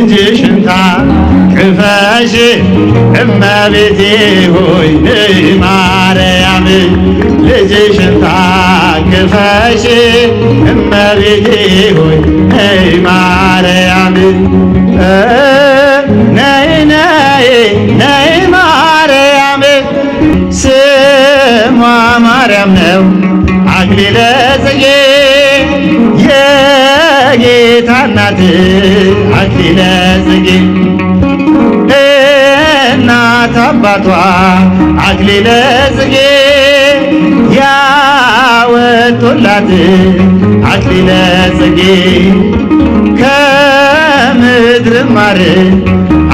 እንጂ ሽንታ ክፈሽ እመቤቴ ሆይ ማርያም ልጅ ሽንታ ክፈሽ እመቤቴ ሆይ ማርያም እናት አክሊለ ጽጌ እናት አባቷ አክሊለ ጽጌ ያወጡላት አክሊለ ጽጌ ከምድር ማር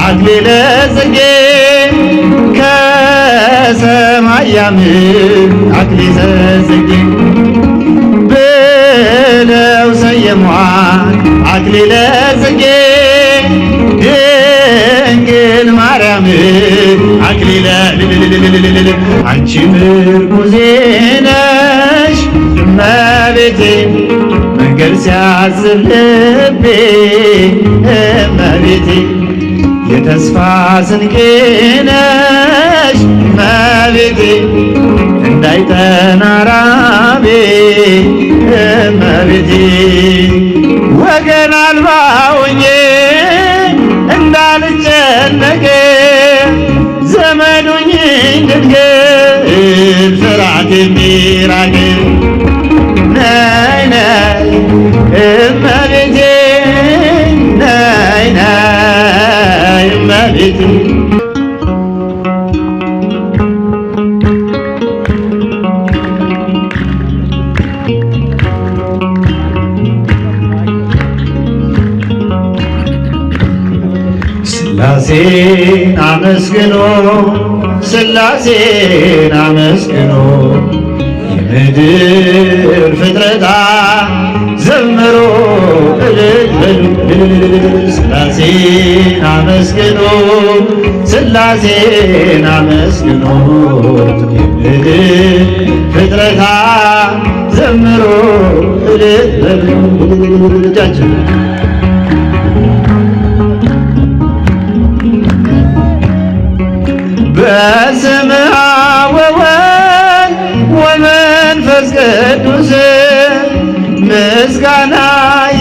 አክሊለ ጽጌ ከሰማያም አክሊለ ጽጌ ብለው ሰየሟ አክሊለ ጽጌ ድንግል ማርያም አክሊለ አንቺ ምርኩዜ ነሽ እመቤቴ መንገድ ሲያዝብ ልቤ እመቤቴ የተስፋ ስንቄ ነሽ እመቤቴ እንዳይጠና ራቤ እመቤቴ ወገን አልባ ሆኜ እንዳልጨነቅ ዘመዱኝ እንድትገል ፍርሃት የሚራቅ ነይ ነይ እመቤቴ ነይ ነይ እመቤቴ ሥላሴን አመስግኖ ስላሴን አመስግኖ የምድር ፍጥረታ ዘምሮ እልል ሥላሴን አመስግኖ ሥላሴን አመስግኖ የምድር ፍጥረታ ዘምሮ እልል እጃችን በስመ አብ ወወልድ ወመንፈስ ቅዱስ ምስጋና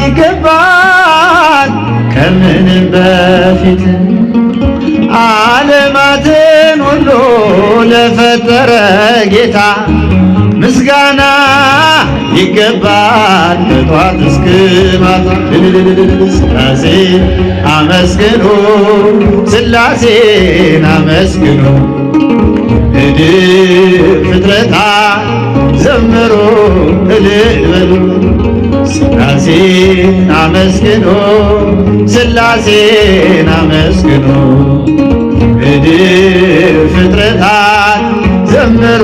ይገባል ከምንም በፊት ዓለማትን ሁሉ ለፈጠረ ጌታ ምስጋና ይገባል ከጧት እስከ ማታ ስላሴ አመስግኑ ስላሴን አመስግኑ እድፍ ፍጥረታ ዘምሩ እልበሉ ስላሴን አመስግኑ ስላሴን አመስግኑ እድፍ ፍጥረታት ዘምሩ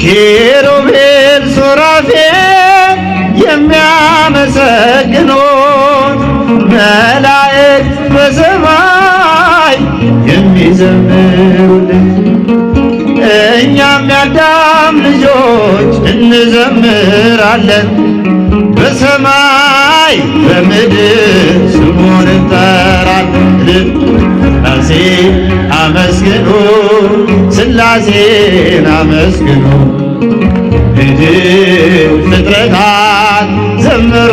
ኪሩቤል ሱራፌል የሚያመሰግኑት መላእክት በሰማይ የሚዘምሩለት እኛም ያዳም ልጆች እንዘምራለን። በሰማይ በምድር ስሙን እጠራለሁ። ሥላሴ አመስግኑ፣ ስላሴን አመስግኑ። ምድር ፍጥረታት ዘምሮ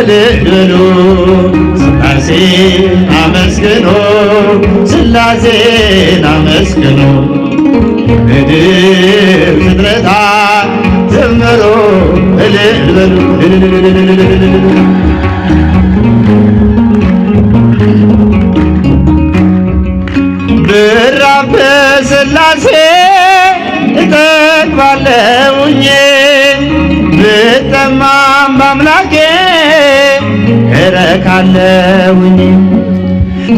እልል በሉ። ሥላሴ አመስግኑ፣ ሥላሴን አመስግኑ። ምድር ፍጥረታት ዘምሮ እልል በሉ አመስግኑ ሥላሴን አመስግኑ ምድር ፍጥረታት ዘምሮ እልል እረካለሁኝ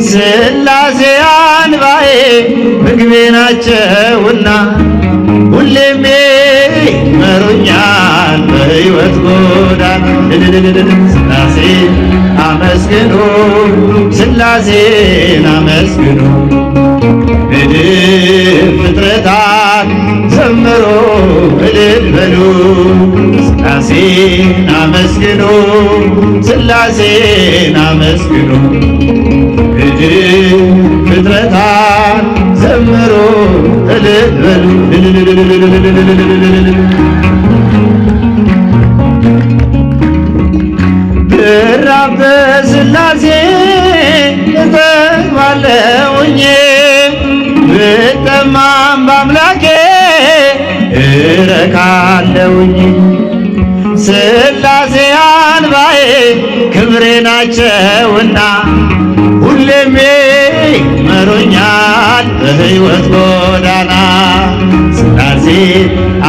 ስላሴ አንባዬ ምግቤ ናቸውና ሁሌም ይመሩኛል በሕይወት ጎዳና ስላሴ አመስግኑ ስላሴን አመስግኑ እልል ፍጥረታት ዘምሮ እልል በሉ ሥላሴን አመስግኑ ስላሴን አመስግኑ እድር ፍጥረታት ዘምሩ እልል በሉ ብራብ ብጠማም በአምላኬ ናቸውና ሁሌም መሮኛል በሕይወት ጎዳና። ስላሴ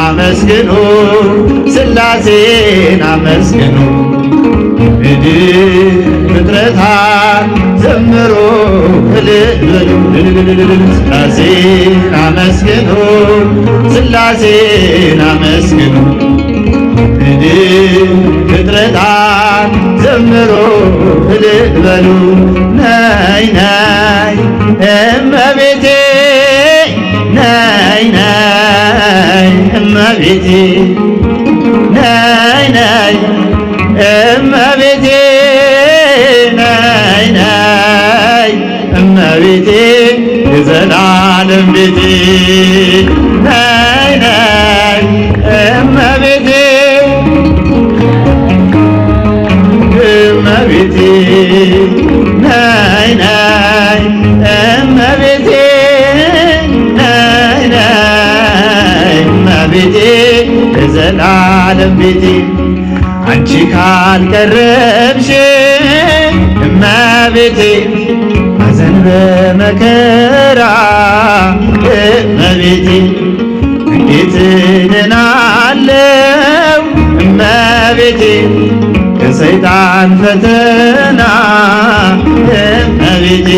አመስግኑ፣ ስላሴን አመስግኑ፣ ምድ ፍጥረታት ዘምሮ ስላሴን አመስግኑ፣ ስላሴን አመስግኑ እኔ ፍጥረታት ዘምሮ እልል በሉ ናይ ናይ እመቤቴ ናይ ናይ እመቤቴ ናይ ናይ እመቤቴ ናይ ናይ እመቤቴ የዘላለም ቤቴ ቤቴ የዘላለም ቤቴ አንቺ ካልቀረብሽ እመቤቴ አዘን በመከራ እመቤቴ እንዴት ድናለው እመቤቴ ከሰይጣን ፈተና እመቤቴ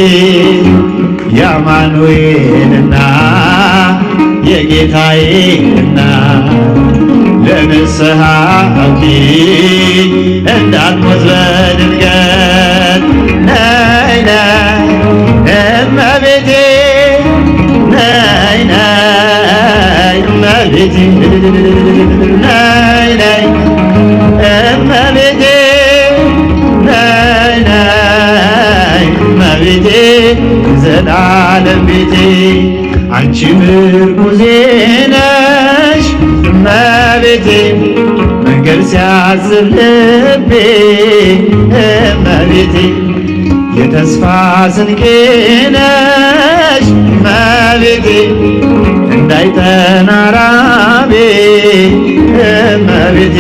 የአማኑኤል እናት የጌታዬ እናት ለንስሐ አውኪኝ እንዳትሞት በድንገት ነይ ነይ እመቤቴ ነይ ነይ እመቤቴ ነይ ነይ እመቤቴ ነይ ነይ እመቤቴ ዘላለም ቤቴ አንቺ ምርኩዜ ነሽ እመቤቴ መንገድ ሲያዝብ ልቤ እመቤቴ የተስፋ ስንቄ ነሽ እመቤቴ እንዳይጠና እመቤቴ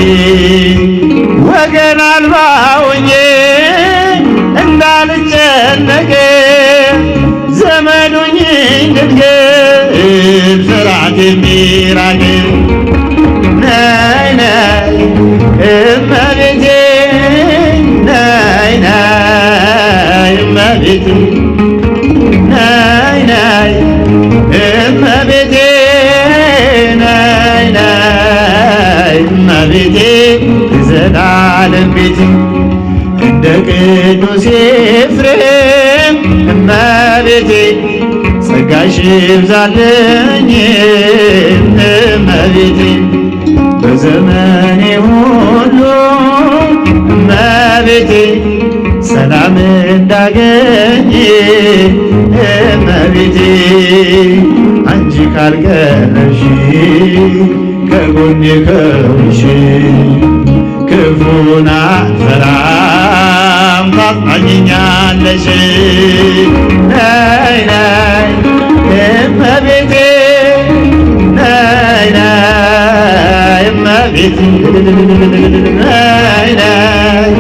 ዘላለም ቤት እንደ ቅዱስ ኤፍሬም እመቤቴ ጸጋሽ ይብዛልኝ እመቤቴ በዘመኔ ሁሉ እመቤቴ ሰላም እንዳገኝ እመቤቴ አንቺ ካልቀረሽ ከጎኔ ከውንሽ ክፉን ሰላም ታጽናኝኛለሽ። ነይ ነይ እመቤቴ ነይ ነይ እመቤቴ ነይ ነይ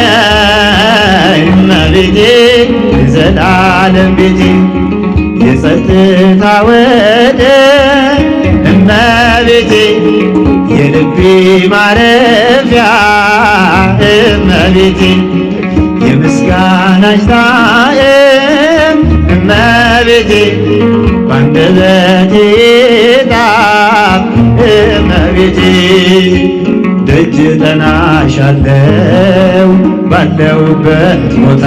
ነይ እመቤቴ የዘላለም ቤቴ የጸጥታው ማረፊያ እመቤቴ የምስጋናሽ ጣዕም እመቤቴ ባንደበቴ ጣዕም እመቤቴ ደጅ ጠናሻለው ባለውበት ቦታ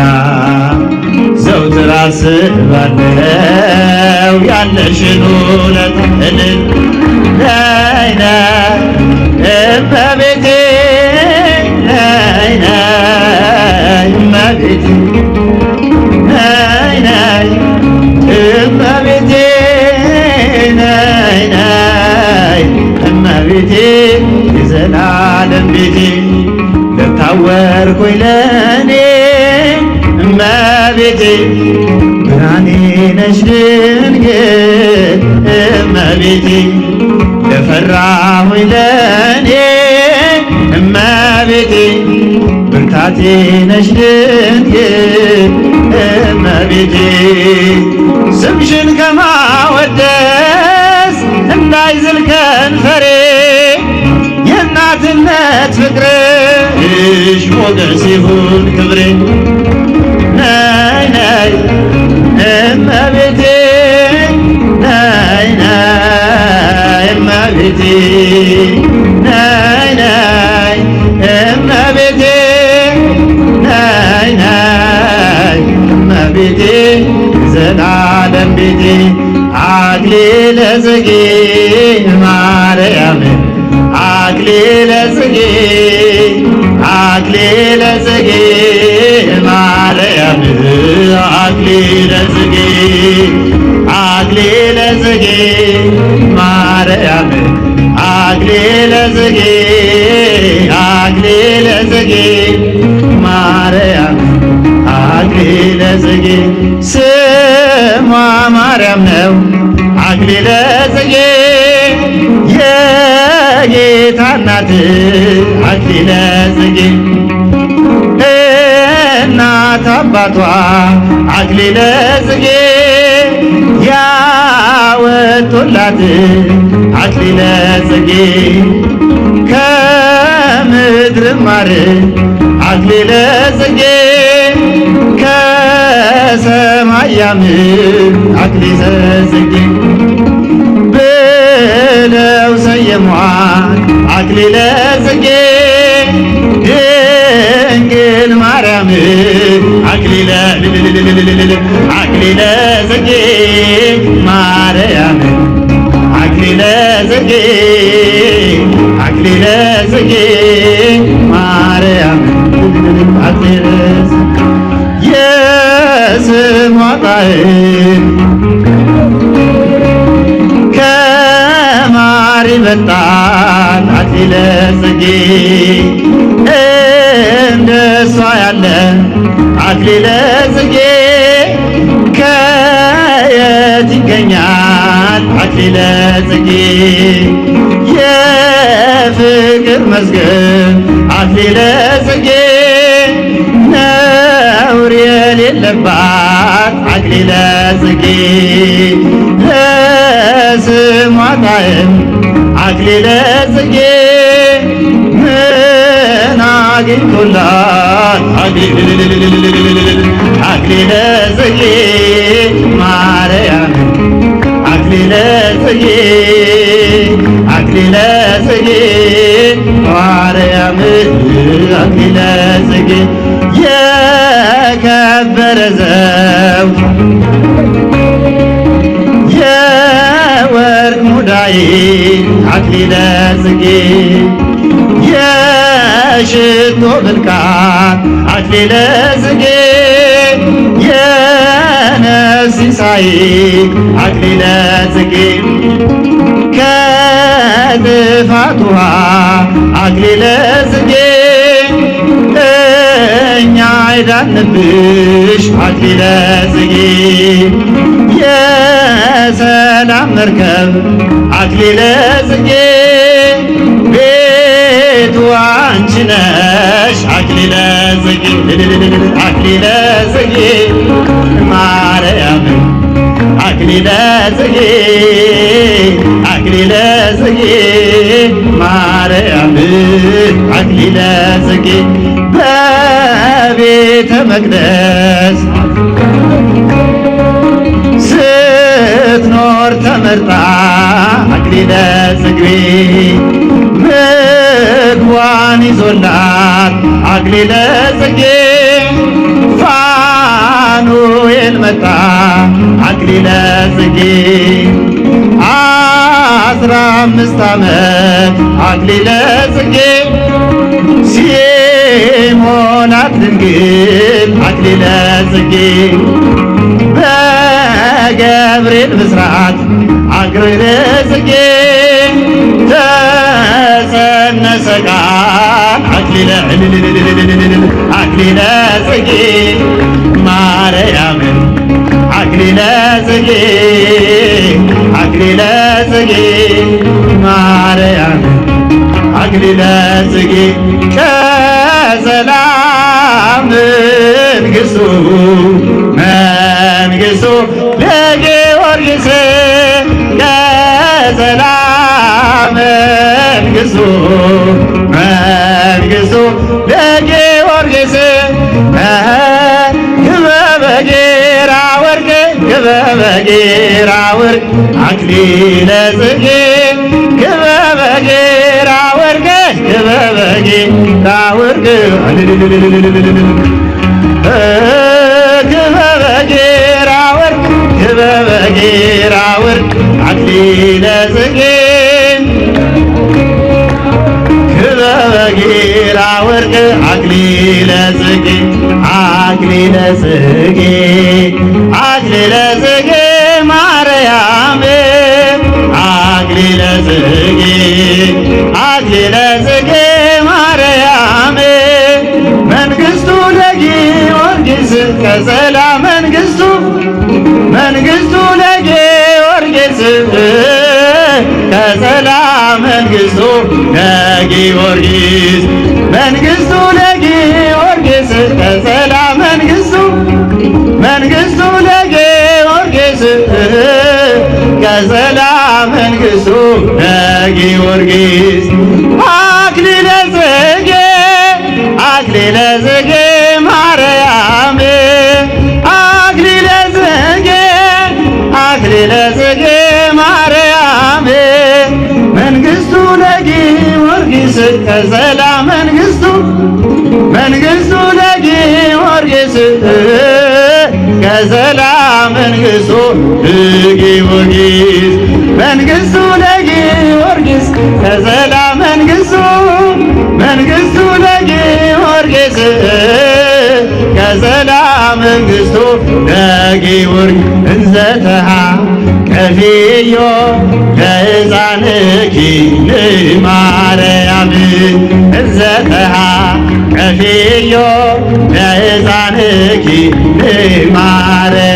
ዘውትር አስባለው ያለሽን ውለታ እመቤቴ ነይ ነይ እመቤቴ ነይ ነይ እመቤቴ ነይ የዘላለም ቤቴ ልታወርኩኝ ለእኔ እመቤቴ መድኃኔ ነሽ ድንግል እመቤቴ ለፈራሁኝ ለእኔ እመቤቴ ብርታቴ ነሽ ድንግል እመቤቴ ስምሽን ከማወደስ እንዳይዝል ከንፈሬ የእናትነት ፍቅርሽ ሞገስ ይሁን ክብሬ ነይ ነይ እመቤቴ ናይና እመቤቴ ናይና እመቤቴ ናይና እመቤቴ ዘላለም ቤቴ አግሊለ ጽጌ ማርያም አክሊለ ጽጌ ስሟ ማርያም ነው አክሊለ ጽጌ የጌታ እናት አክሊለ ጽጌ እናት አባቷ አክሊለ ጽጌ ያወጡላት አክሊለ ጽጌ በትግር ማር አክሊለ ጽጌ ከሰማይ ያምር አክሊለ ጽጌ ብለው ሰየሟት አክሊለ ጽጌ ድንግል ማርያም አክሊለ አክሊለ ጽጌ ማርያም አክሊለ ጽጌ መጣን አክሊለ ጽጌ እንደ እሷ ያለ አክሊለ ጽጌ ከየት ይገኛል? አክሊለ ጽጌ የፍቅር መዝገብ አክሊለ ጽጌ ነውር የሌለባት አክሊለ ጽጌ ለስሟ ጣዕም አክሊለ ጽጌ ምን አግኝቶላት አክሊለ ጽጌ ማርያም አክሊለ ጽጌ አክሊለ ጽጌ ማርያም አክሊለ ጽጌ የከበረ ዘው የወርቅ ሙዳዬ አክሊለ ጽጌ የሽቶ ብልቃት አክሊለ ጽጌ የነፍስ ሲሳይ አክሊለ ጽጌ ከጥፋት ውሃ አክሊለ ጽጌ እኛ አይዳንብሽ አክሊለ ጽጌ በሰላም መርከብ አክሊለ ጽጌ ቤቱ አንቺ ነሽ አክሊለ ጽጌ አክሊለ ጽጌ ማርያም አክሊለ ጽጌ አክሊለ ጽጌ ማርያም አክሊለ ጽጌ በቤተ መቅደስ ወር ተመርጣ አክሊለ ጽጌ ምግቧን ይዞላት አክሊለ ጽጌ ፋኑኤል መጣ አክሊለ ጽጌ አስራ አምስት ዓመት አክሊለ ጽጌ ሲሞላት ድንግል አክሊለ ጽጌ ገብርኤል ብስራት አግርህ ጽጌ ተጸነሰ ቃል አክሊለ ጽጌ ማርያምን አክሊለ ጽጌ አክሊለ ጽጌ ማርያምን አክሊለ ጽጌ ከሰላም መንግሥቱ መንግሥቱ ንግስ ለዘላም መንግሱ መንግሱ ለጊዮርጊስ ግበበጌራ ወርቅ ግበበጌራ ወርቅ አክሊለ ጽጌ ግበበጌራ ወርቅ ግበበጌራ ወርቅ በምድር አውርድ አክሊለ ጽጌ ክበበጌራ ወርቅ አክሊለ ጽጌ አክሊለ ጽጌ አክሊለ ጽጌ ማርያም አክሊለ ጽጌ ለጊዮርጊስ መንግስቱ ለጊዮርጊስ ተጸላ መንግስቱ መንግስቱ ለጊዮርጊስ ቀጸላ መንግስቱ ለጊዮርጊስ መንግሥቱ ለጊዮርግ እንዘተሃ ቀፊዮ ለሕፃንኪ ማርያም እንዘተሃ ቀፊዮ ለሕፃንኪ ማርያም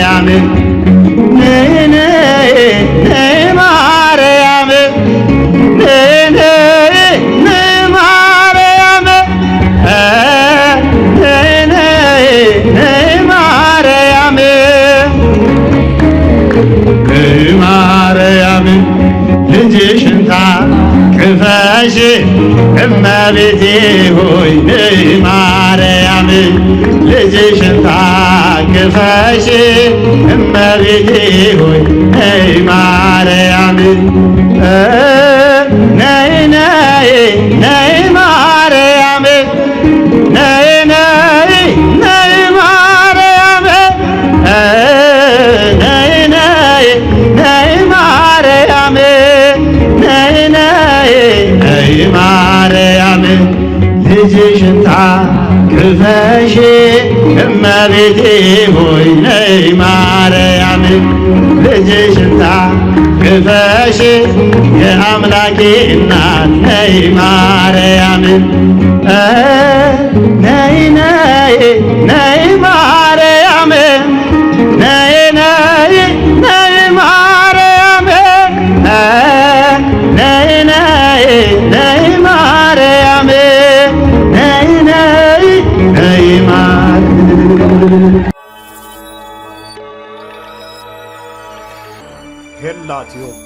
እመቤቴ ሆይ ማርያም ልጅሽን ታቅፈሽ እመቤቴ ሆይ ማርያም እመቤቴ ሆይ ነይ ማርያም ልጅሽ ክፈሽ የአምላኬ እናት ነይ ማርያም 只有。